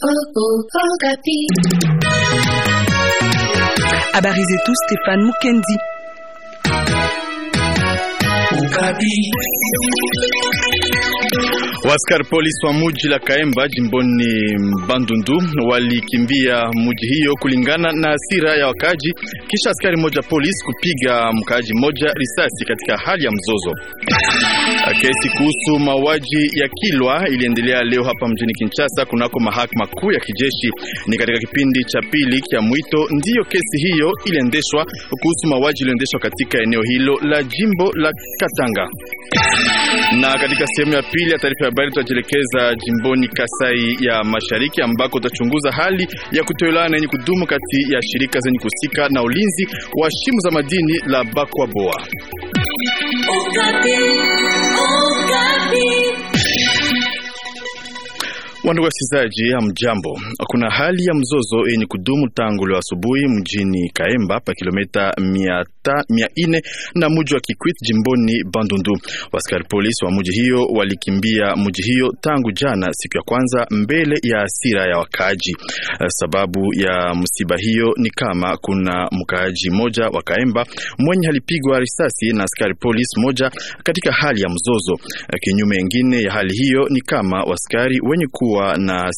Oh, Habari zetu Stéphane Mukendi. Ukapi. Waskari polisi wa muji la Kaemba jimboni Bandundu walikimbia muji hiyo kulingana na asira ya wakaaji, kisha askari moja polisi kupiga mkaaji moja risasi katika hali ya mzozo. Kesi kuhusu mauaji ya Kilwa iliendelea leo hapa mjini Kinshasa kunako mahakama kuu ya kijeshi. Ni katika kipindi cha pili cha mwito ndiyo kesi hiyo iliendeshwa kuhusu mauaji iliendeshwa katika eneo hilo la jimbo la Katanga. Na katika sehemu ya pili ya taarifa ya habari tutajielekeza jimboni Kasai ya Mashariki ambako tutachunguza hali ya kutoelewana yenye kudumu kati ya shirika zenye kusika na ulinzi wa shimo za madini la Bakwaboa. Wandugu wasikilizaji, ya mjambo. Kuna hali ya mzozo yenye kudumu tangu leo asubuhi mjini Kaemba pa kilomita mia, na muji wa Kikwit jimboni Bandundu. Waskari polisi wa muji hiyo walikimbia muji hiyo tangu jana siku ya kwanza mbele ya asira ya wakaaji. Sababu ya msiba hiyo ni kama kuna mkaaji moja wa Kaemba mwenye alipigwa risasi na askari polisi moja katika hali ya mzozo. Kinyume ingine ya hali hiyo ni kama waskari wenye ku kuwa na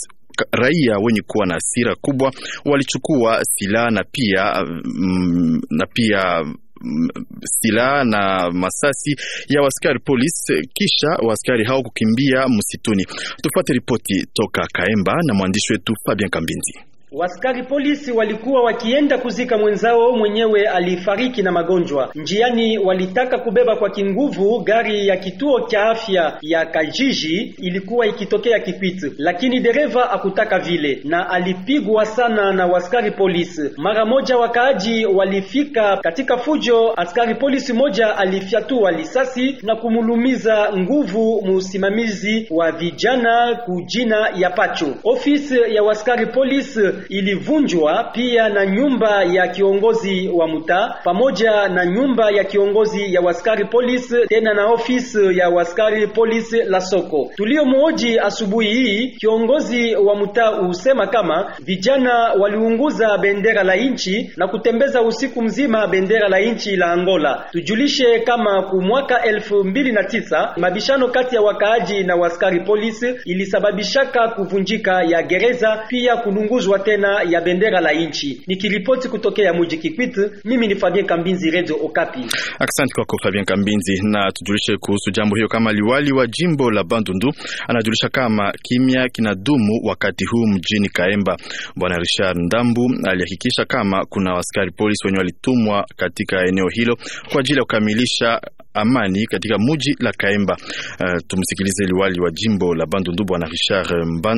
raia wenye kuwa na hasira kubwa walichukua silaha na pia mm, na pia mm, silaha na masasi ya waskari polisi, kisha waskari hao kukimbia msituni. Tupate ripoti toka Kaemba na mwandishi wetu Fabian Kambinzi. Waskari polisi walikuwa wakienda kuzika mwenzao mwenyewe alifariki na magonjwa. Njiani walitaka kubeba kwa kinguvu gari ya kituo cha afya ya Kajiji ilikuwa ikitokea Kipiti, lakini dereva akutaka vile na alipigwa sana na waskari polisi. Mara moja wakaaji walifika katika fujo, askari polisi moja alifyatua lisasi na kumulumiza nguvu msimamizi wa vijana kujina ya Pacho. Ofisi ya waskari polisi ilivunjwa pia na nyumba ya kiongozi wa mtaa pamoja na nyumba ya kiongozi ya waskari polisi tena na ofisi ya waskari polisi la soko. Tuliomuoji asubuhi hii kiongozi wa mtaa husema kama vijana waliunguza bendera la nchi na kutembeza usiku mzima bendera la nchi la Angola. Tujulishe kama kumwaka elfu mbili na tisa mabishano kati ya wakaaji na waskari polisi ilisababishaka kuvunjika ya gereza pia kulunguzwa tena ya bendera la nchi. Nikiripoti kutokea mji Kikwitu, mimi ni Fabien Kambinzi, Radio Okapi. Asante kwako Fabien Kambinzi, na tujulishe kuhusu jambo hiyo kama liwali wa jimbo la Bandundu anajulisha kama kimya kinadumu wakati huu mjini Kaemba. Bwana Richard Ndambu alihakikisha kama kuna askari polisi wenye walitumwa katika eneo hilo kwa ajili ya kukamilisha amani katika muji la Kaemba. Uh, tumsikilize liwali wa jimbo la Bandundu bwana Richard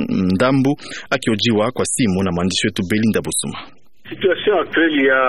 Ndambu akiojiwa kwa simu na mwandishi wetu Belinda Busuma. Situation actuelle ya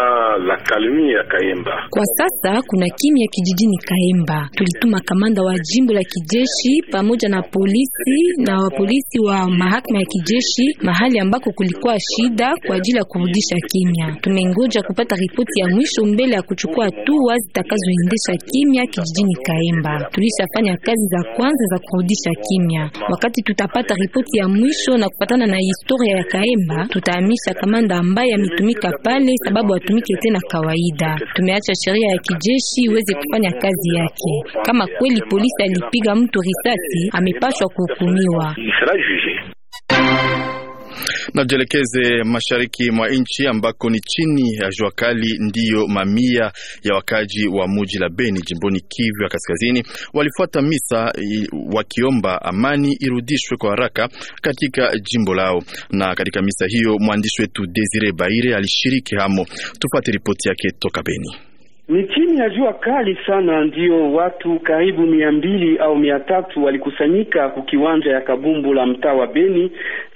la kalmi ya Kaemba. Kwa sasa kuna kimya kijijini Kaemba. Tulituma kamanda wa jimbo la kijeshi pamoja na polisi na wapolisi wa mahakama ya kijeshi mahali ambako kulikuwa shida kwa ajili ya kurudisha kimya. Tumengoja kupata ripoti ya mwisho mbele ya kuchukua hatua zitakazoendesha kimya kijijini Kaemba. Tulishafanya kazi za kwanza za kurudisha kimya. Wakati tutapata ripoti ya mwisho na kupatana na historia ya Kaemba, tutahamisha kamanda ambaye ametumia kutumika pale, sababu watumike tena kawaida. Tumeacha sheria ya kijeshi iweze kufanya kazi yake. Kama kweli polisi alipiga mtu risasi, amepashwa kuhukumiwa. Najelekeze mashariki mwa nchi ambako ni chini ya jua kali, ndiyo mamia ya wakaji wa muji la Beni jimboni Kivu ya kaskazini walifuata misa wakiomba amani irudishwe kwa haraka katika jimbo lao. Na katika misa hiyo mwandishi wetu Desire Baire alishiriki hamo. Tupate ripoti yake toka Beni. Ni chini ya jua kali sana, ndiyo watu karibu mia mbili au mia tatu walikusanyika kukiwanja ya kabumbu la mtaa wa Beni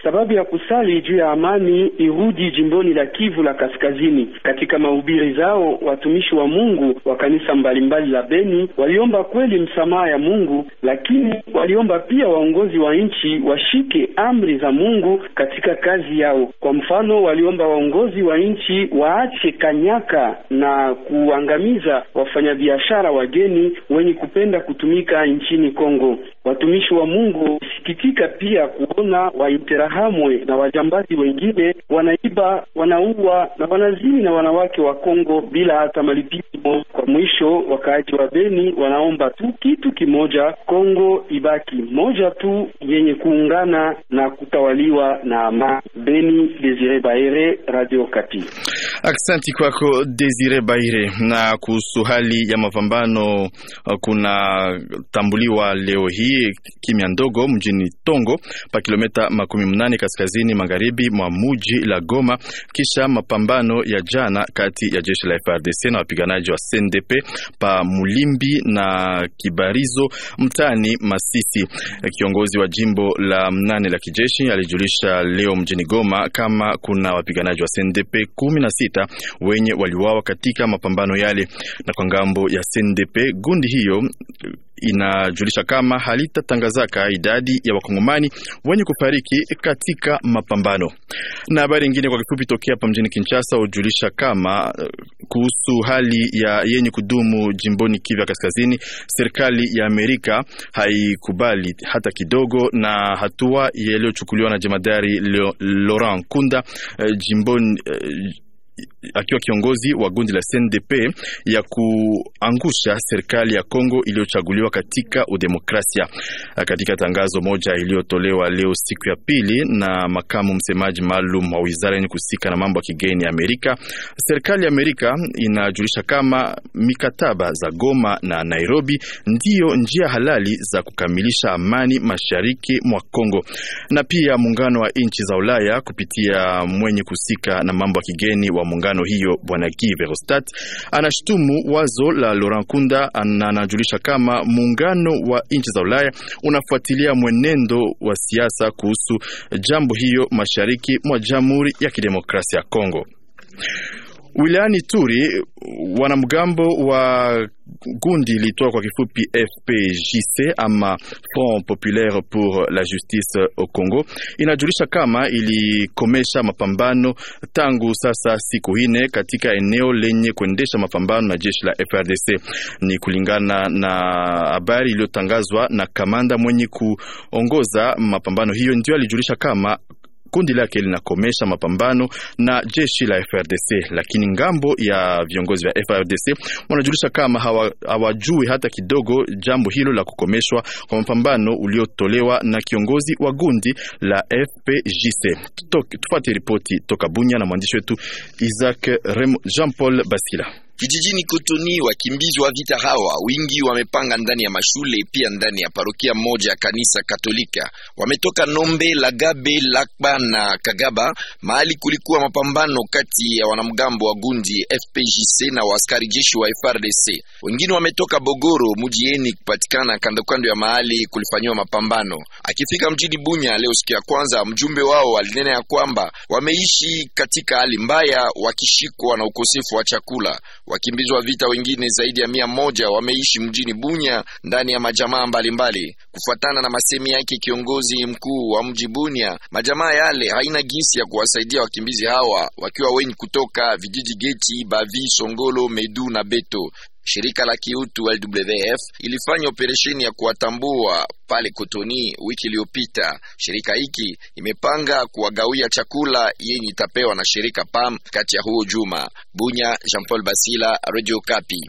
sababu ya kusali juu ya amani irudi jimboni la Kivu la Kaskazini. Katika mahubiri zao, watumishi wa Mungu wa kanisa mbalimbali la Beni waliomba kweli msamaha ya Mungu, lakini waliomba pia waongozi wa nchi washike amri za Mungu katika kazi yao. Kwa mfano, waliomba waongozi wa nchi waache kanyaka na kuangamiza wafanyabiashara wageni wenye kupenda kutumika nchini Kongo. Watumishi wa Mungu sikitika pia kuona Wainterahamwe na wajambazi wengine wanaiba, wanaua na wanazini na wanawake wa Kongo bila hata malipizo. Kwa mwisho, wakaaji wa Beni wanaomba tu kitu kimoja, Kongo ibaki moja tu yenye kuungana na kutawaliwa na amani. Beni, Desire Baire, Radio Kati. Aksanti kwako Desire Baire. Na kuhusu hali ya mapambano kuna tambuliwa leo hii kijiji Kimya Ndogo mjini Tongo pa kilomita makumi mnane kaskazini magharibi mwa muji la Goma, kisha mapambano ya jana kati ya jeshi la frdc na wapiganaji wa CNDP pa Mulimbi na Kibarizo mtani Masisi. Kiongozi wa jimbo la mnane la kijeshi alijulisha leo mjini Goma kama kuna wapiganaji wa CNDP sita wenye waliuawa katika mapambano yale, na kwa ngambo ya CNDP gundi hiyo inajulisha kama halitatangazaka idadi ya wakongomani wenye kufariki katika mapambano. Na habari nyingine kwa kifupi tokea hapa mjini Kinshasa hujulisha kama eh, kuhusu hali ya yenye kudumu jimboni Kivu Kaskazini, serikali ya Amerika haikubali hata kidogo na hatua yaliyochukuliwa na jemadari Laurent Kunda eh, jimboni eh, akiwa kiongozi wa gundi la CNDP ya kuangusha serikali ya Kongo iliyochaguliwa katika udemokrasia. Katika tangazo moja iliyotolewa leo siku ya pili na makamu msemaji maalum wa wizara yenye kuhusika na mambo ya kigeni ya Amerika, serikali ya Amerika inajulisha kama mikataba za Goma na Nairobi ndiyo njia halali za kukamilisha amani mashariki mwa Kongo, na pia muungano wa nchi za Ulaya kupitia mwenye kuhusika na mambo ya kigeni wa muungano mikutano hiyo. Bwana Guy Verhofstadt anashutumu wazo la Laurent Kunda na anajulisha kama muungano wa nchi za Ulaya unafuatilia mwenendo wa siasa kuhusu jambo hiyo mashariki mwa Jamhuri ya Kidemokrasia ya Kongo. Wilayani Turi wanamgambo wa gundi litoa kwa kifupi FPJC ama Front Populaire pour la Justice au Congo inajulisha kama ilikomesha mapambano tangu sasa siku ine katika eneo lenye kuendesha mapambano na jeshi la FRDC. Ni kulingana na habari iliyotangazwa na kamanda mwenye kuongoza mapambano hiyo, ndio alijulisha kama kundi lake linakomesha mapambano na jeshi la FRDC, lakini ngambo ya viongozi wa FRDC wanajulisha kama hawajui hawa hata kidogo jambo hilo la kukomeshwa kwa mapambano uliotolewa na kiongozi wa gundi la FPJC. Tufate ripoti toka Bunya na mwandishi wetu Isaac Jean Paul Basila. Kijijini Kotoni, wakimbizi wa vita hawa wingi wamepanga ndani ya mashule pia ndani ya parokia moja ya kanisa Katolika. Wametoka Nombe, Lagabe, Lakba na Kagaba, mahali kulikuwa mapambano kati ya wanamgambo wa gundi FPJC na waaskari jeshi wa FRDC. Wengine wametoka Bogoro, mji yeni kupatikana kandokando ya mahali kulifanyiwa mapambano. Akifika mjini Bunya leo siku ya kwanza, mjumbe wao alinena ya kwamba wameishi katika hali mbaya, wakishikwa na ukosefu wa chakula. Wakimbizi wa vita wengine zaidi ya mia moja wameishi mjini Bunya ndani ya majamaa mbalimbali mbali. Kufuatana na masemi yake kiongozi mkuu wa mji Bunya, majamaa yale haina gisi ya kuwasaidia wakimbizi hawa wakiwa wengi kutoka vijiji Geti, Bavi, Songolo, Medu na Beto. Shirika la kiutu LWF ilifanya operesheni ya kuwatambua pale Kotoni wiki iliyopita. Shirika hiki imepanga kuwagawia chakula yenye itapewa na shirika PAM kati ya huo juma. Bunya, Jean Paul Basila, Radio Kapi.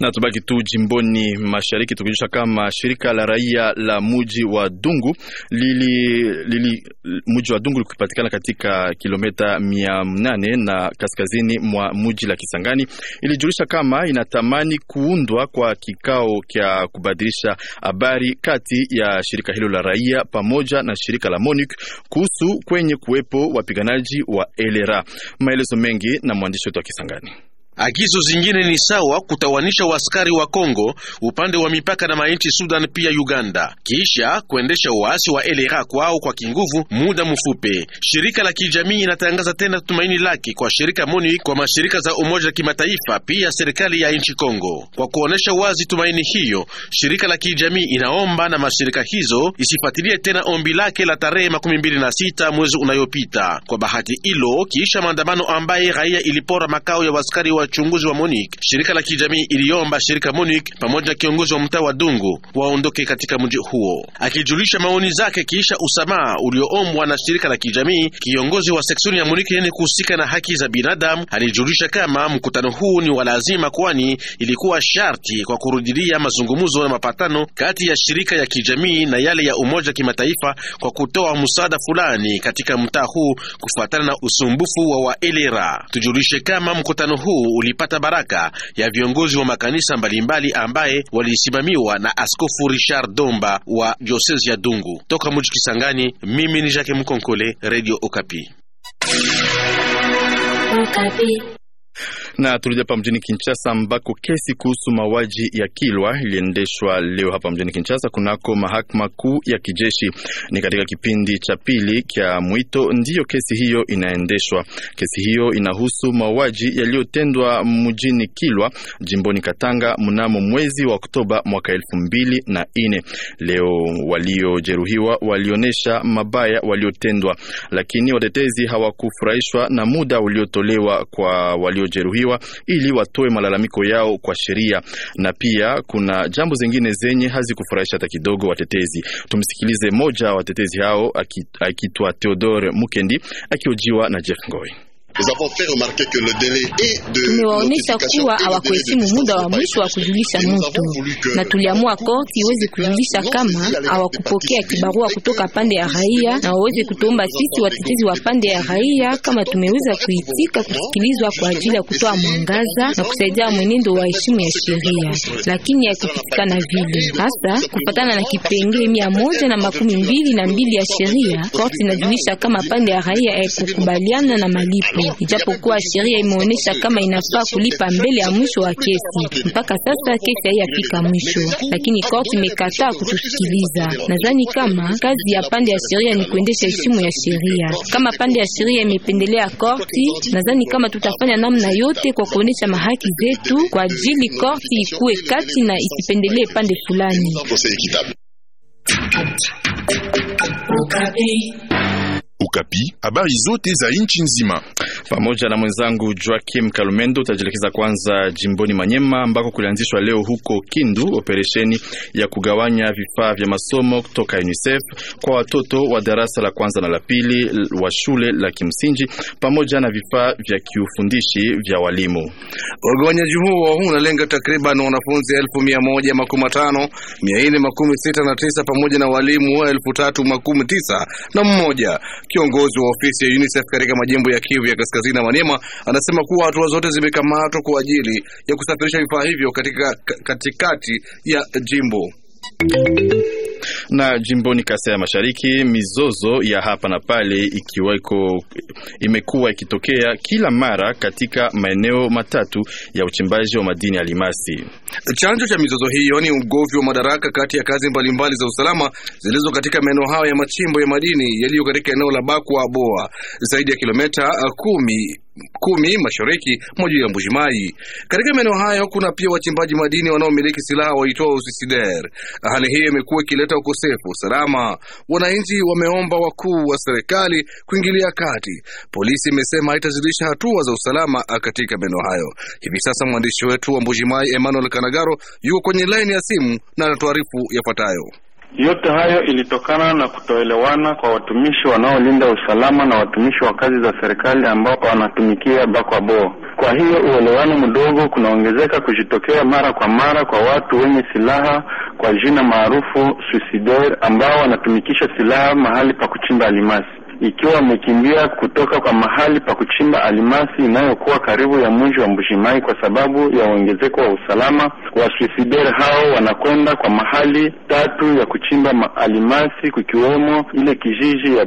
Na tubaki tu jimboni mashariki tukijusha kama shirika la raia la muji wa Dungu lili, lili muji wa Dungu likipatikana katika kilometa mia nane na kaskazini mwa muji la Kisangani ilijulisha kama inatamani kuundwa kwa kikao cha kubadilisha habari kati ya shirika hilo la raia pamoja na shirika la MONUC kuhusu kwenye kuwepo wapiganaji wa elera. Maelezo mengi na mwandishi wetu wa Kisangani. Agizo zingine ni sawa kutawanisha waskari wa Kongo upande wa mipaka na mainchi Sudan pia Uganda, kisha kuendesha waasi wa elera kwao kwa kinguvu muda mfupi. Shirika la kijamii inatangaza tena tumaini lake kwa shirika MONUC, kwa mashirika za umoja wa kimataifa, pia serikali ya nchi Kongo. Kwa kuonesha wazi tumaini hiyo, shirika la kijamii inaomba na mashirika hizo isifuatilie tena ombi lake la tarehe makumi mbili na sita mwezi unayopita. Kwa bahati hilo, kisha maandamano ambaye raia ilipora makao ya waskari wa uchunguzi wa MONUC. Shirika la kijamii iliomba shirika MONUC pamoja na kiongozi wa mtaa wa Dungu waondoke katika mji huo, akijulisha maoni zake kisha usamaha ulioombwa na shirika la kijamii. Kiongozi wa seksioni ya MONUC yenye kuhusika na haki za binadamu alijulisha kama mkutano huu ni wa lazima, kwani ilikuwa sharti kwa kurudilia mazungumzo na mapatano kati ya shirika ya kijamii na yale ya umoja kimataifa kwa kutoa msaada fulani katika mtaa huu kufuatana na usumbufu wa waelera. Tujulishe kama mkutano huu ulipata baraka ya viongozi wa makanisa mbalimbali ambaye walisimamiwa na Askofu Richard Domba wa diosezi ya Dungu. Toka mji Kisangani, mimi ni Jacques Mkonkole, Radio Okapi. Okapi. Na turudi hapa mjini Kinshasa ambako kesi kuhusu mauaji ya Kilwa iliendeshwa leo hapa mjini Kinshasa kunako mahakama kuu ya kijeshi. Ni katika kipindi cha pili cha mwito ndiyo kesi hiyo inaendeshwa. Kesi hiyo inahusu mauaji yaliyotendwa mjini Kilwa jimboni Katanga mnamo mwezi wa Oktoba mwaka elfu mbili na ine. Leo waliojeruhiwa walionyesha mabaya waliotendwa, lakini watetezi hawakufurahishwa na muda uliotolewa kwa waliojeruhiwa kuhesabiwa ili watoe malalamiko yao kwa sheria, na pia kuna jambo zingine zenye hazikufurahisha hata kidogo watetezi. Tumsikilize moja wa watetezi hao akitwa Theodore Mukendi akiojiwa na Jeff Ngoi. Tumewaonyesha kuwa hawakuheshimu muda wa mwisho wa kujulisha mutu, na tuliamua korti iweze kujulisha kama hawakupokea kibarua kutoka pande ya raia, na waweze kutuomba sisi watetezi wa pande ya raia kama tumeweza kuitika kusikilizwa kwa ajili ya kutoa mwangaza na kusaidia mwenendo wa heshima ya sheria, lakini haikupitikana vile. Hasa kufatana na kipengele mia moja na makumi mbili na mbili ya sheria, korti inajulisha kama pande ya raia haikukubaliana na malipo mzuri, ijapokuwa sheria imeonyesha kama inafaa kulipa mbele ya mwisho wa kesi. Mpaka sasa kesi haiyafika mwisho, lakini korti imekataa kutusikiliza. Nadhani kama kazi ya pande ya sheria ni kuendesha heshimu ya sheria. Kama pande ya sheria imependelea korti, nadhani kama tutafanya namna yote kwa kuonesha mahaki zetu kwa ajili korti ikuwe kati na isipendelee pande fulani. Okapi. Habari zote za nchi nzima pamoja na mwenzangu Joachim Kalumendo. Utajielekeza kwanza jimboni Manyema ambako kulianzishwa leo huko Kindu operesheni ya kugawanya vifaa vya masomo kutoka UNICEF kwa watoto wa darasa la kwanza na la pili wa shule la kimsingi pamoja na vifaa vya kiufundishi vya walimu. Ugawanyaji huo unalenga takriban wanafunzi elfu mia moja makumi mia nne makumi sita na tisa pamoja na walimu elfu tatu makumi tisa na mmoja. Kiongozi wa ofisi ya UNICEF katika majimbo ya Kivu ya Kaskazini na Maniema anasema kuwa hatua zote zimekamatwa kwa ajili ya kusafirisha vifaa hivyo katika katikati ya jimbo. Na jimboni Kasai ya Mashariki, mizozo ya hapa na pale ikiweko imekuwa ikitokea kila mara katika maeneo matatu ya uchimbaji wa madini ya limasi Chanzo cha mizozo hiyo ni ugovi wa madaraka kati ya kazi mbalimbali mbali za usalama zilizo katika maeneo hayo ya machimbo ya madini yaliyo katika eneo la Bakwa Boa, zaidi ya kilomita kumi kumi mashariki mwa jiji la Katika maeneo hayo kuna pia wachimbaji madini wanaomiliki silaha waitwao Usisider. Hali hiyo imekuwa ikileta ukosefu wa usalama. Wananchi wameomba wakuu wa serikali kuingilia kati. Polisi imesema haitazidisha hatua za usalama katika maeneo hayo. Hivi sasa mwandishi wetu wa mbujimai Emmanuel Kanagaro yuko kwenye laini ya simu na anatuarifu yafuatayo. Yote hayo ilitokana na kutoelewana kwa watumishi wanaolinda usalama na watumishi wa kazi za serikali ambao wanatumikia BAKWABOA. Kwa hiyo uelewano mdogo kunaongezeka kujitokea mara kwa mara kwa watu wenye silaha kwa jina maarufu suicidaire ambao wanatumikisha silaha mahali pa kuchimba alimasi ikiwa wamekimbia kutoka kwa mahali pa kuchimba alimasi inayokuwa karibu ya mji wa mbujimai kwa sababu ya uongezeko wa usalama. Washifidere hao wanakwenda kwa mahali tatu ya kuchimba alimasi, kukiwemo ile kijiji ya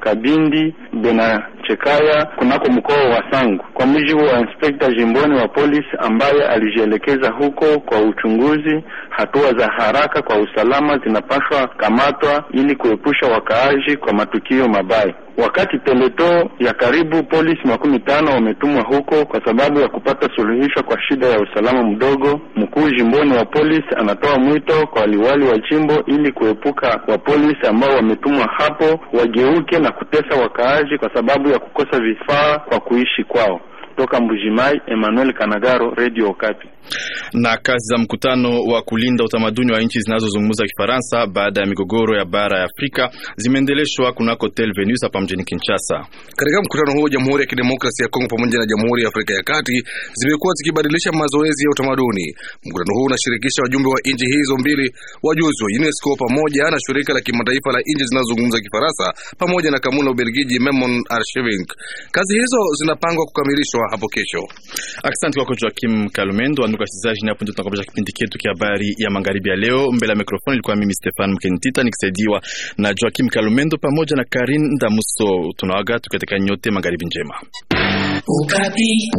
Kabindi, Bena Chekaya kunako mkoa wa Sangu, kwa mujibu wa inspekta jimboni wa polisi ambaye alijielekeza huko kwa uchunguzi. Hatua za haraka kwa usalama zinapaswa kamatwa ili kuepusha wakaaji kwa matukio mabaya wakati peleto ya karibu polisi makumi tano wametumwa huko kwa sababu ya kupata suluhisho kwa shida ya usalama mdogo. Mkuu jimboni wa polisi anatoa mwito kwa waliwali wa jimbo ili kuepuka wa polisi ambao wametumwa hapo wageuke na kutesa wakaaji kwa sababu ya kukosa vifaa kwa kuishi kwao. Toka Mbujimai, Emmanuel Kanagaro, Radio Okapi. Na kazi za mkutano wa kulinda utamaduni wa nchi zinazozungumza Kifaransa baada ya migogoro ya bara ya Afrika zimeendeleshwa kunako Hotel Venus hapa mjini Kinshasa. Katika mkutano huo, Jamhuri ya Kidemokrasia ya Kongo pamoja na Jamhuri ya Afrika ya Kati zimekuwa zikibadilisha mazoezi ya utamaduni. Mkutano huu unashirikisha wajumbe wa nchi hizo mbili, wajuzi wa UNESCO pamoja na shirika la kimataifa la nchi zinazozungumza Kifaransa pamoja na kamuna Ubelgiji Memon Archiving. Kazi hizo zinapangwa kukamilishwa hapo kesho. Asante kwa Joachim Kalumendo ndugu wasikilizaji, hapo ndio tunakamilisha kipindi chetu cha habari ya magharibi ya leo. Mbele ya mikrofoni ilikuwa mimi Stefan Mkentita nikisaidiwa na Joakim Kalumendo pamoja na Karin Damuso. Tunawaaga tukiwatakia nyote magharibi njema. Ukati.